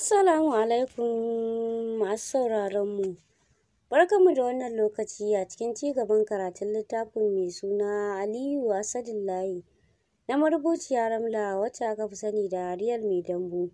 Assalamu alaikum masu mu. Barkanmu da wannan lokaci a cikin ci gaban karatun littafin mai suna Aliyu Asadullahi na marubuciya Ramla wacce aka fi sani da Riyal Mai Dambu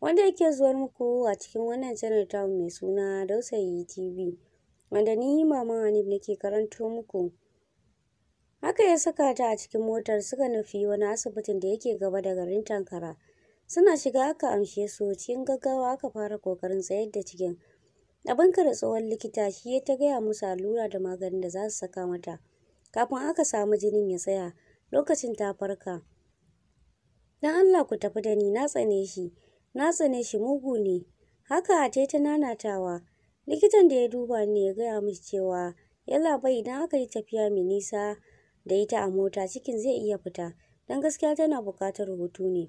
wanda yake zuwar muku a cikin wannan channel ta mai suna Dausayi TV wanda ni Mama Hanif nake karanto muku. Haka ya saka ta a cikin motar suka nufi wani asibitin da yake gaba da garin Tankara. suna shiga aka amshe su cikin gaggawa aka fara kokarin tsayar da cikin abin da tsohon likita shi ya ta gaya musu allura da maganin da za su saka mata kafin aka samu jinin ya tsaya lokacin ta farka dan Allah ku tafi da ni na tsane shi na tsane shi mugu ne haka ta ta nanatawa likitan da ya duba ni ya gaya mishi cewa yalla bai idan aka yi tafiya mai nisa da ita a mota cikin zai iya fita Dan gaskiya tana buƙatar hutu ne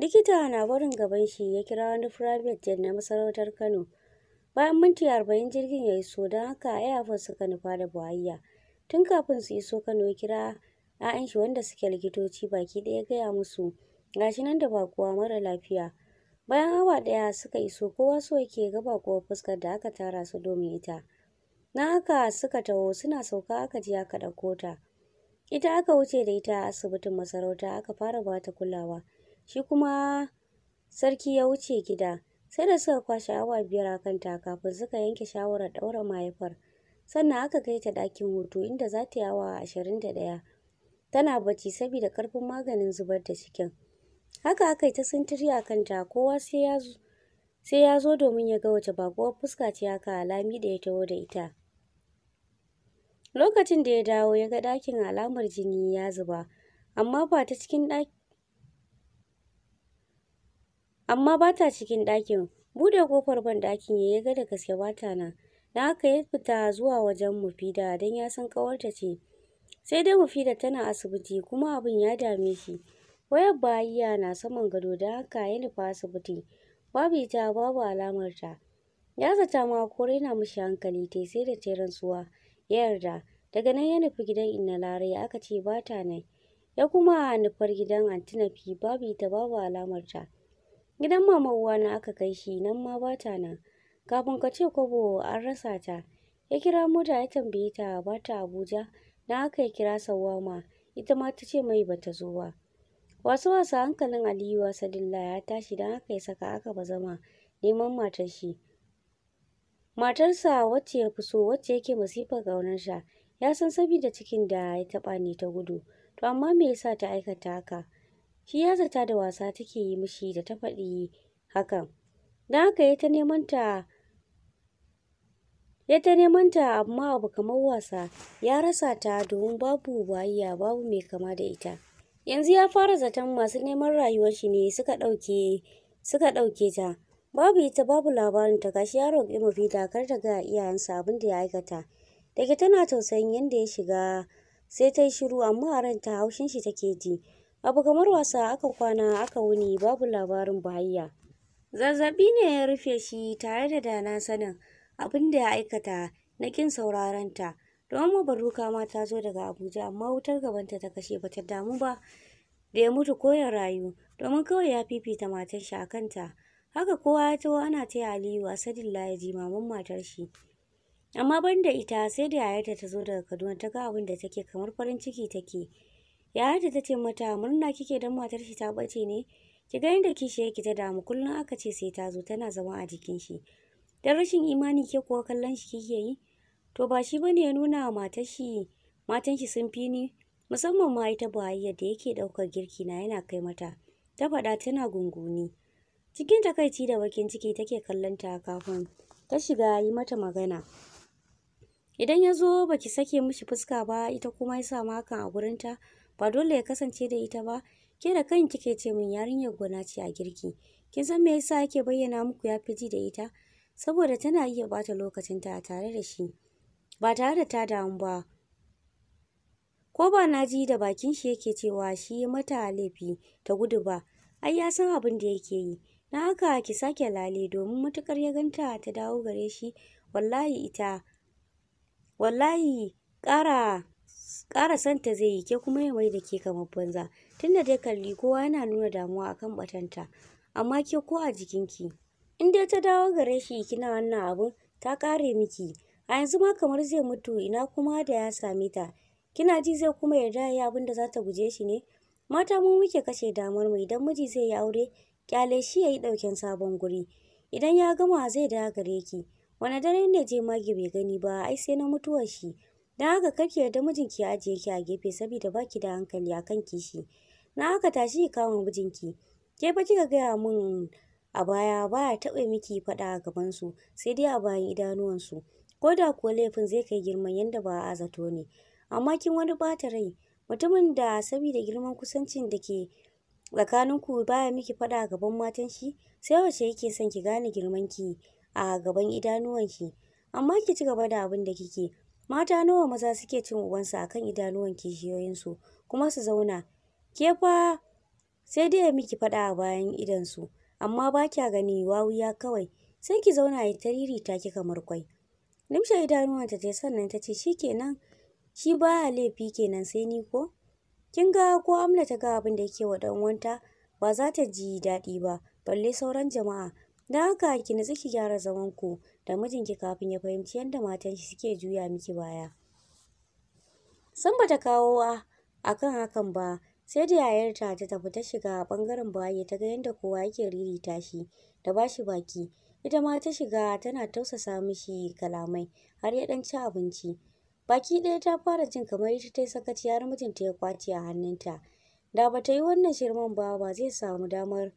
likita na barin gaban shi ya kira wani private jet na masarautar kano bayan minti arba'in jirgin ya iso don haka a airport suka nufa da buhayya tun kafin su iso kano ya kira 'ya'yan shi wanda suke likitoci baki ɗaya gaya musu gashi nan da bakuwa mara lafiya bayan awa ɗaya suka iso kowa so yake ga kowa fuskar da aka tara su domin ita na haka suka taho suna sauka aka ji aka ɗauko ta ita aka wuce da ita a asibitin masarauta aka fara ba ta kulawa shi kuma sarki ya wuce gida sai da suka kwashe awa biyar a kanta kafin suka yanke shawarar ɗaura mahaifar sannan aka kai ta ɗakin hutu inda za ta yi awa ashirin da ɗaya tana bacci saboda ƙarfin maganin zubar da cikin haka aka yi ta sintiri a kanta kowa sai ya zo domin ya ga wace baƙuwar fuska ce haka alami da ya taho da ita lokacin da ya dawo ya ga ɗakin alamar jini ya zuba amma ba ta cikin ɗakin. amma ba ta cikin ɗakin buɗe kofar banɗakin ya yi ga da gaske ba ta na. da haka ya fita zuwa wajen mufida don ya san ƙawarta ce sai dai mufida tana asibiti kuma abin ya dame shi wayar bayiya na saman gado da haka ya nufa asibiti babu ita babu alamarta. ta ya zata ma ko na mashi hankali tai sai da ta rantsuwa ya yarda daga nan ya nufi gidan inna larai aka ce ba ta nan ya kuma nufar gidan antinafi babu ita babu alamarta. gidan mama na aka kai shi nan ma ba ta nan kafin ka ce kwabo an rasa ta ya kira mota ya tambaye ta ba ta abuja na aka ya kira sawama ita ma ta ce mai bata zo ba wasu wasa hankalin aliyu wasadilla ya tashi don haka ya saka aka ba zama neman matar shi matarsa wacce ya fi so wacce yake masifar ƙaunarsa ya san sabida cikin da ya taɓa ne ta gudu to amma me yasa ta aikata haka shi ya zata da wasa take yi mishi da ta faɗi hakan don haka ya ta neman ta ya ta neman ta amma abu kamar wasa ya rasa ta domin babu wayya babu mai kama da ita yanzu ya fara zaton masu neman rayuwar shi ne suka ɗauke suka ɗauke ta babu ita babu labarin ta gashi ya roƙi mafi dakar ta ga iyayensa abin da ya aikata daga tana tausayin yadda ya shiga sai ta yi shiru amma a ranta haushin shi take ji abu kamar wasa aka kwana aka wuni babu labarin bahayya zazzabi ne ya rufe shi tare da dana sanin abin da ya aikata na kin sauraron ta don baruka ma ta zo daga abuja amma wutar gabanta ta kashe bata damu ba da ya mutu ko ya rayu domin kawai ya fifita matar shi a kanta haka kowa ya taho ana taya aliyu a sadin layaji maman matar shi amma banda ita sai da yayarta ta zo daga kaduna ta ga abin da take kamar farin ciki take Yaya ta ce mata murna kike dan matar shi ta bace ne? Ki ga yadda kishi yake ta damu kullum aka ce sai ta zo tana zama a jikin shi. Dan rashin imani ke kuwa kallon shi kike yi? To ba shi bane ya nuna wa matar shi matan shi sun fi ni musamman ma ita Bahayya da yake ɗaukar girki na yana kai mata. Ta faɗa tana gunguni. Cikin takaici da bakin ciki take kallon ta kafin ta shiga yi mata magana. Idan ya zo baki sake mishi fuska ba ita kuma ya samu hakan a gurinta. ta ba dole ya kasance da ita ba ke da kan kike ce min yarinyar gona ce a girki kin san me yasa ake bayyana muku ya fi ji da ita saboda tana iya bata lokacin ta tare da shi ba tare da ta damu ba ko ba na ji da bakin shi yake cewa shi mata laifi ta gudu ba ai ya san abin da yake yi na haka ki sake lale domin matukar ya ganta ta dawo gare shi wallahi ita wallahi ƙara ƙara santa zai yi ke kuma ya mai da ke kamar banza tun da dai kalli kowa yana nuna damuwa akan batanta amma ke ko a jikinki in dai ta dawo gare shi kina wannan abun ta kare miki a yanzu ma kamar zai mutu ina kuma da ya same ta kina ji zai kuma yarda ya abin da za ta guje shi ne mata mu muke kashe damar mu idan miji zai yi aure kyale shi ya yi ɗauken sabon guri idan ya gama zai dawo gare ki wani dare ne je magi bai gani ba ai sai na mutuwar shi dan haka ki yarda mijinki ya ajiye ki a gefe saboda baki da hankali akan kishi. Na haka tashi ki kama mijinki. Ke fa kika gaya mun a baya baya taɓa miki faɗa a gabansu sai dai a bayan idanuwansu. Ko da kuwa laifin zai kai girman yanda ba a zato ne. Amma kin wani bata rai. Mutumin da saboda girman kusancin da ke tsakaninku baya miki faɗa a gaban matan shi sai wace yake son ki gane girman ki a gaban idanuwan shi. Amma ki ci gaba da abin da kike. mata nawa maza suke cin a akan idanuwan kishiyoyinsu kuma su zauna ke fa sai dai ya miki faɗa a bayan idansu amma ba kya gani ya kawai sai ki zauna ya tariri ta ki kamar kwai limshe idanuwanta ta sannan ta ce shi shikenan shi baya laifi kenan sai ni ko kin ga ko amna ta ga abin da yake wa dan uwanta? ba za ta ji daɗi ba balle sauran jama'a dan haka ki nutsi ki gyara zaman da mijinki kafin ya fahimci yadda shi suke juya miki baya. San bata kawo a kan hakan ba, sai da yayarta ta tafi ta shiga ɓangaren bayi ta ga yadda kowa yake ririta shi da bashi baki. Ita ma ta shiga tana tausasa mishi kalamai har ya ɗan ci abinci. Baki ɗaya ta fara jin kamar ita ta yi sakaci har mijinta ya ƙwace a hannunta. Da bata yi wannan shirman ba ba zai samu damar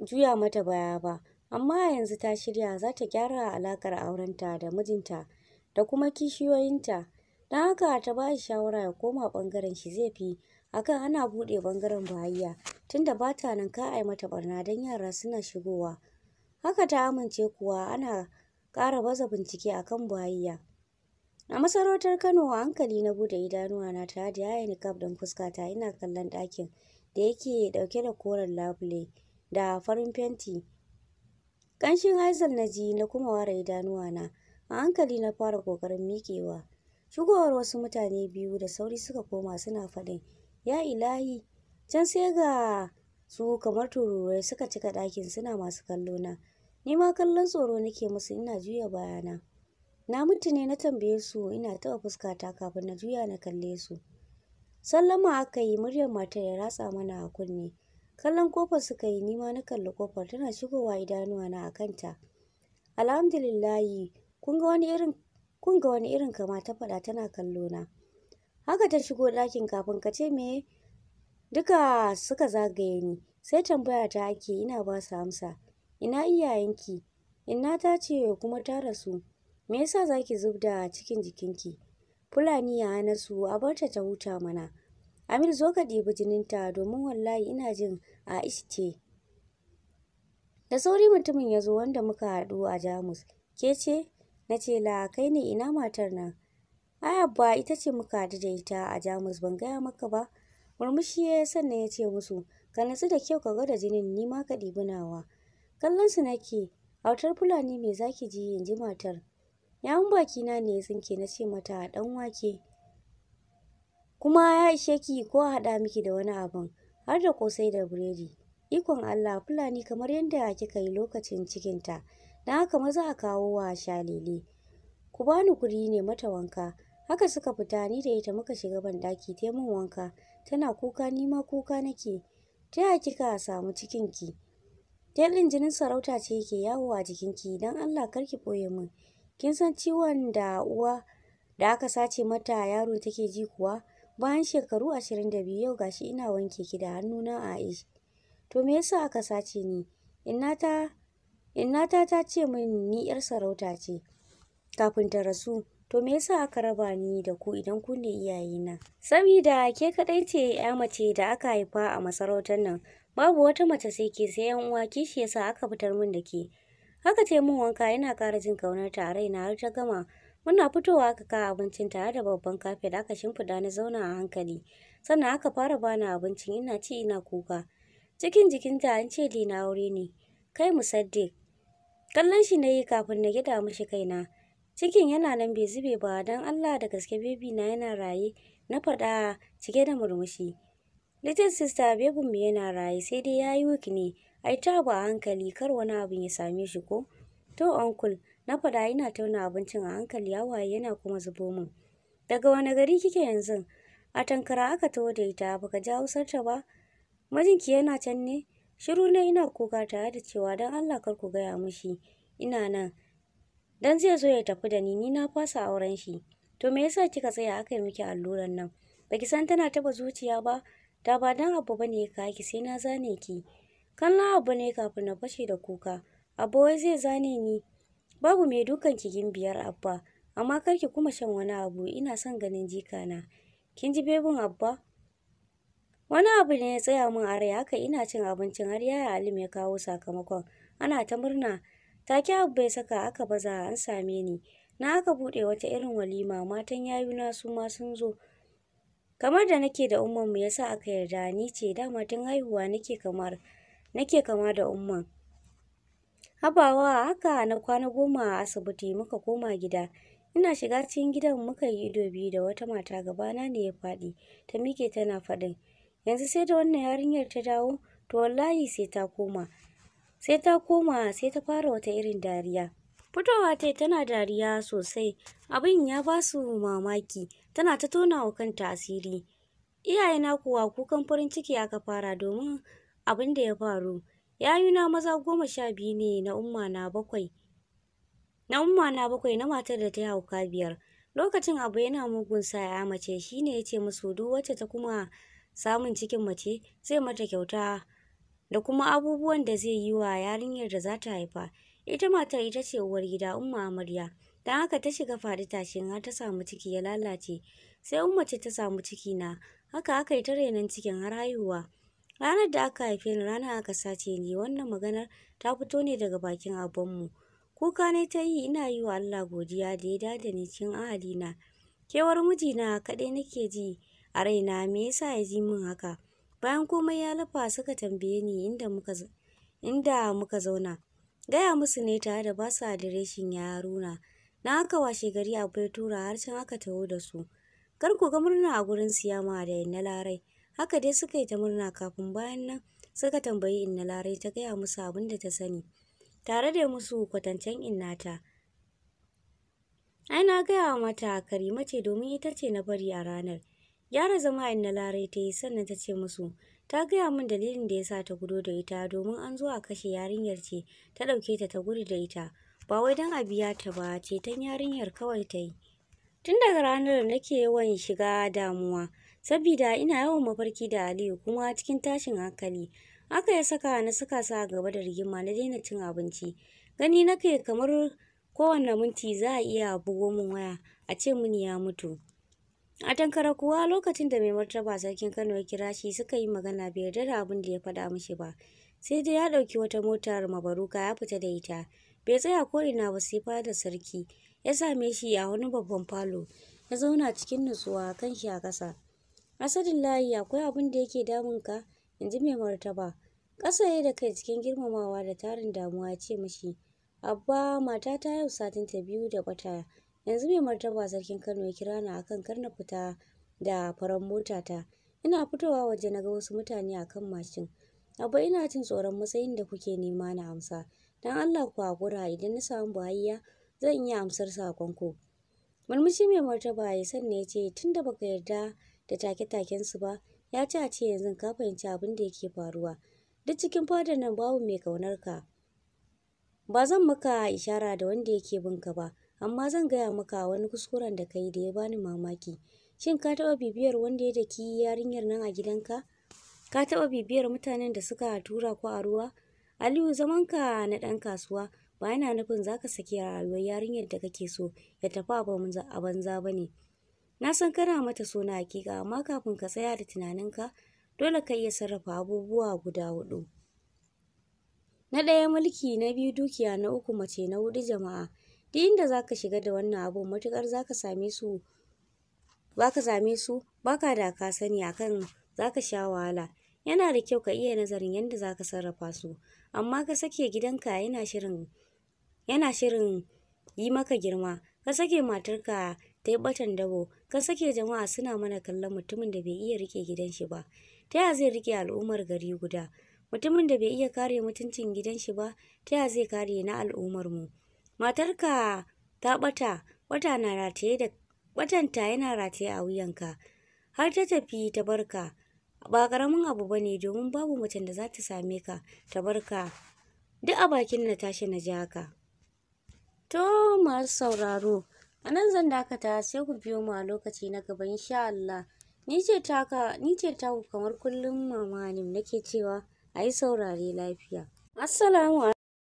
juya mata baya ba. amma yanzu ta shirya za ta gyara alakar aurenta da mijinta da kuma kishiyoyinta don haka ta ba shi shawara ya koma ɓangaren shi zai fi akan ana buɗe ɓangaren bahayya tunda ba ta nan ka ai mata barna don yara suna shigowa haka ta amince kuwa ana ƙara baza bincike akan bahayya a masarautar kano hankali na buɗe idanuwa na tare da yayin kaf ɗin fuskata ina kallon ɗakin da yake dauke da koren labule da farin fenti Ƙanshin Haizal na ji na kuma ware idanuwa na. A hankali na fara kokarin mikewa Shigowar wasu mutane biyu da sauri suka koma suna faɗin, Ya ilahi, can sai ga su kamar tururai suka cika ɗakin suna masu kallo na. Ni ma kallon tsoro nake musu ina juya bayana. Na mutu ne na tambaye su ina taɓa fuskata kafin na juya na kalle su. Sallama aka yi muryar matar ya ratsa mana a kunne. kallon kofar suka yi nima na kalli kofar tana shigowa idanuwa na akanta alhamdulillahi kun ga wani irin kama ta faɗa tana kallo na haka ta shigo ɗakin kafin ka ce me duka suka zagaye ni sai tambaya ta ake ina ba su amsa ina iyayenki inna ta ce kuma ta rasu me yasa zaki zubda cikin jikinki fulani ya hana su a barta ta huta mana Amir zo ka ɗebi jininta domin wallahi ina jin a ce. Da sauri mutumin ya zo wanda muka haɗu a Jamus. Ke ce? Na ce la kai ne ina matar nan. Ai abba ita ce muka haɗu da ita a Jamus ban gaya maka ba. Murmushi ya sannan ya ce musu ka nutsu da kyau ka gwada jinin ni ma ka ɗibi nawa. Kallon su nake autar Fulani me zaki ji in ji matar. Yawun bakina ne ya tsinke na ce mata ɗan wake. kuma ya ishe ki ko a haɗa miki da wani abun har da kosai da biredi ikon Allah Fulani kamar yadda kika yi lokacin cikinta don haka maza a kawo wa shalele ku bani kuri ne mata wanka haka suka fita ni da ita muka shiga banɗaki ta min wanka tana kuka ni ma kuka nake ta ya kika samu cikinki ta ɗin jinin sarauta ce ke yawo a jikinki don Allah kar ki ɓoye min kin san ciwon da uwa da aka sace mata yaro take ji kuwa Bayan shekaru ashirin da biyu yau gashi ina wanke ki da hannuna Aisha. To me yasa aka sace ni? Innata ta ce min ni yar sarauta ce kafin ta rasu. To me yasa aka raba ni da ku idan ku ne iyayena? Sabida ke kaɗai ce ya mace da aka haifa a masarautar nan. Babu wata mace sai ke sai yan uwa kishi yasa aka fitar min da ke. Haka ce min wanka yana ƙara jin kaunar ta a raina har ta gama muna fitowa aka kawo abincin tare da babban kafet aka shimfiɗa na zauna a hankali sannan aka fara bani abincin ina ci ina kuka cikin jikinta an ce na aure ne kai musaddiq kallon shi na yi kafin na gida mishi kaina cikin yana nan bai zube ba don allah da gaske bebi na yana raye na faɗa cike da murmushi little sister bebin mu yana raye sai dai ya yi wiki ne ai ta ba hankali kar wani abin ya same shi ko to uncle na faɗa ina tauna abincin a hankali hawaye yana kuma zubo min daga wani gari kike yanzu a tankara aka taho da ita baka ji ta ba Majinki yana can ne shiru na ina kuka tare da cewa don allah kar ku gaya mishi ina nan dan zai zo ya tafi da ni ni na fasa auren shi to me yasa kika tsaya aka yi miki alluran nan baki san tana taba zuciya ba da ba dan abu bane ka ki sai na zane ki kallon abu ne kafin na fashe da kuka abu wai zai zane ni babu mai dukan kigin biyar abba amma karki kuma shan wani abu ina son ganin jika na kin ji bebin abba wani abu ne ya tsaya min a rai haka ina cin abincin har yaya alim ya kawo sakamakon ana ta murna take abu ya saka aka baza an same ni na aka buɗe wata irin walima matan yayuna su ma sun zo kamar da nake da umman mu yasa aka yarda ni ce dama tun haihuwa nake kamar nake kama da umman habawa haka na kwana goma a asibiti muka koma gida ina shiga cikin gidan muka yi ido biyu da wata mata gabana ne ya faɗi ta mike tana faɗin yanzu sai da wannan yarinyar ta dawo to wallahi sai ta koma sai ta koma sai ta fara wata irin dariya fitowa ta tana dariya sosai abin ya ba su mamaki tana ta tona wa kanta asiri iyayena kuwa kukan farin ciki aka fara domin abin da ya faru yayuna maza goma sha biyu ne na umma na bakwai na umma na bakwai na matar da ta yi hauka biyar lokacin abu yana mugun sa ya mace shine ya ce musu duk wacce ta kuma samun cikin mace zai mata kyauta da kuma abubuwan da zai yi wa yarinyar da za ta haifa ita matar ita ce uwar gida umma amarya don haka ta shiga faɗi tashin har ta samu ciki ya lalace sai umma ce ta samu ciki na haka aka yi ta renon cikin har haihuwa Ranar da aka haife ni ranar aka sace ni wannan maganar ta fito ne daga bakin mu. Kuka ne ta yi ina yi wa Allah godiya da ya dada ni cikin na. Kewar mijina kaɗai nake ji a raina me yasa ya ji min haka. Bayan komai ya lafa suka tambaye ni inda muka inda muka zauna. Gaya musu ne tare da basu adireshin yaruna. Na aka washe gari akwai tura har can aka taho da su. Kar ku ga murna a gurin siyama da na larai. haka dai suka yi ta murna kafin bayan nan suka tambayi inna larai ta gaya musu abin da ta sani tare da musu kwatancen innata ai na gaya mata karima ce domin ita ce na bari a ranar gyara zama inna larai ta yi sannan ta ce musu ta gaya min dalilin da ya sa ta gudo da ita domin an zo a kashe yarinyar ce ta ɗauke ta ta gudu da ita ba wai don a biya ta ba ce, ta yarinyar kawai ta yi tun daga ranar da nake yawan shiga damuwa Sabida ina yawan mafarki da Aliyu kuma cikin tashin hankali. Aka ya saka na suka sa a gaba da rigima na daina cin abinci. Gani na kai, kamar kowanne minti za a iya bugo min waya a ce mini ya mutu. A tankara kuwa lokacin da mai martaba sarkin Kano ya kira shi suka yi magana bai yarda da abin da ya faɗa mishi ba. Sai dai ya ɗauki wata motar mabaruka ya fita da ita. Bai tsaya ko ina ba sai da sarki. Ya same shi a wani babban falo. Ya zauna cikin nutsuwa kan shi a ƙasa. layi, akwai abin da yake damun ka? In mai martaba. Ƙasa ya da kai cikin girmamawa da tarin damuwa ce mashi. Abba matata yau satin ta biyu da kwata. Yanzu mai martaba sarkin Kano ya kira ni akan kar na fita da farar motata. Ina fitowa waje na ga wasu mutane akan mashin. Abba ina jin tsoron matsayin da kuke nema na amsa. Dan Allah ku hakura idan na samu buhayya zan iya amsar sakonku. Murmushi mai martaba ya sanna ya ce tunda baka yarda da take taken su ba ya ce a ce yanzu ka fahimci abin da yake faruwa duk cikin fadar nan babu mai kaunar ka ba zan maka ishara da wanda yake bin ka ba amma zan gaya maka wani kuskuren da kai da ya bani mamaki shin ka taba bibiyar wanda ya daki yarinyar nan a gidanka ka taba bibiyar mutanen da suka tura ku a ruwa aliyu zaman ka na ɗan kasuwa ba yana nufin za ka saki rayuwar yarinyar da kake so ya tafi a banza ba ne Na san kana mata suna hakika amma kafin ka tsaya da tunaninka dole ka iya sarrafa abubuwa guda hudu. Na ɗaya mulki, na biyu dukiya, na uku mace, na hudu jama'a. Duk inda za ka shiga da wannan abu matuƙar za ka same su ba ka da ka sani akan za ka sha wahala. Yana da kyau ka iya nazarin yadda za ka sarrafa su amma ka sake gidanka yana shirin yana shirin yi maka girma. Ka sake matarka ta yi batan dabo ka sake jama'a suna mana kallon mutumin da bai iya rike gidan shi ba ta yaya zai rike al'ummar gari guda mutumin da bai iya kare mutuncin gidan shi ba ta yaya zai kare na al'ummar mu matarka ta bata wata na rataye da watanta yana rataye a wuyanka har ta tafi ta barka ba karamin abu ba ne domin babu macen da za ta same ka ta barka duk a bakin na tashi na ji haka to masu sauraro A nan zan dakata sai ku biyo mu a lokaci na gaba insha Allah. Ni ce taka ni ce taku kamar kullum mama nake cewa ayi saurare lafiya. Assalamu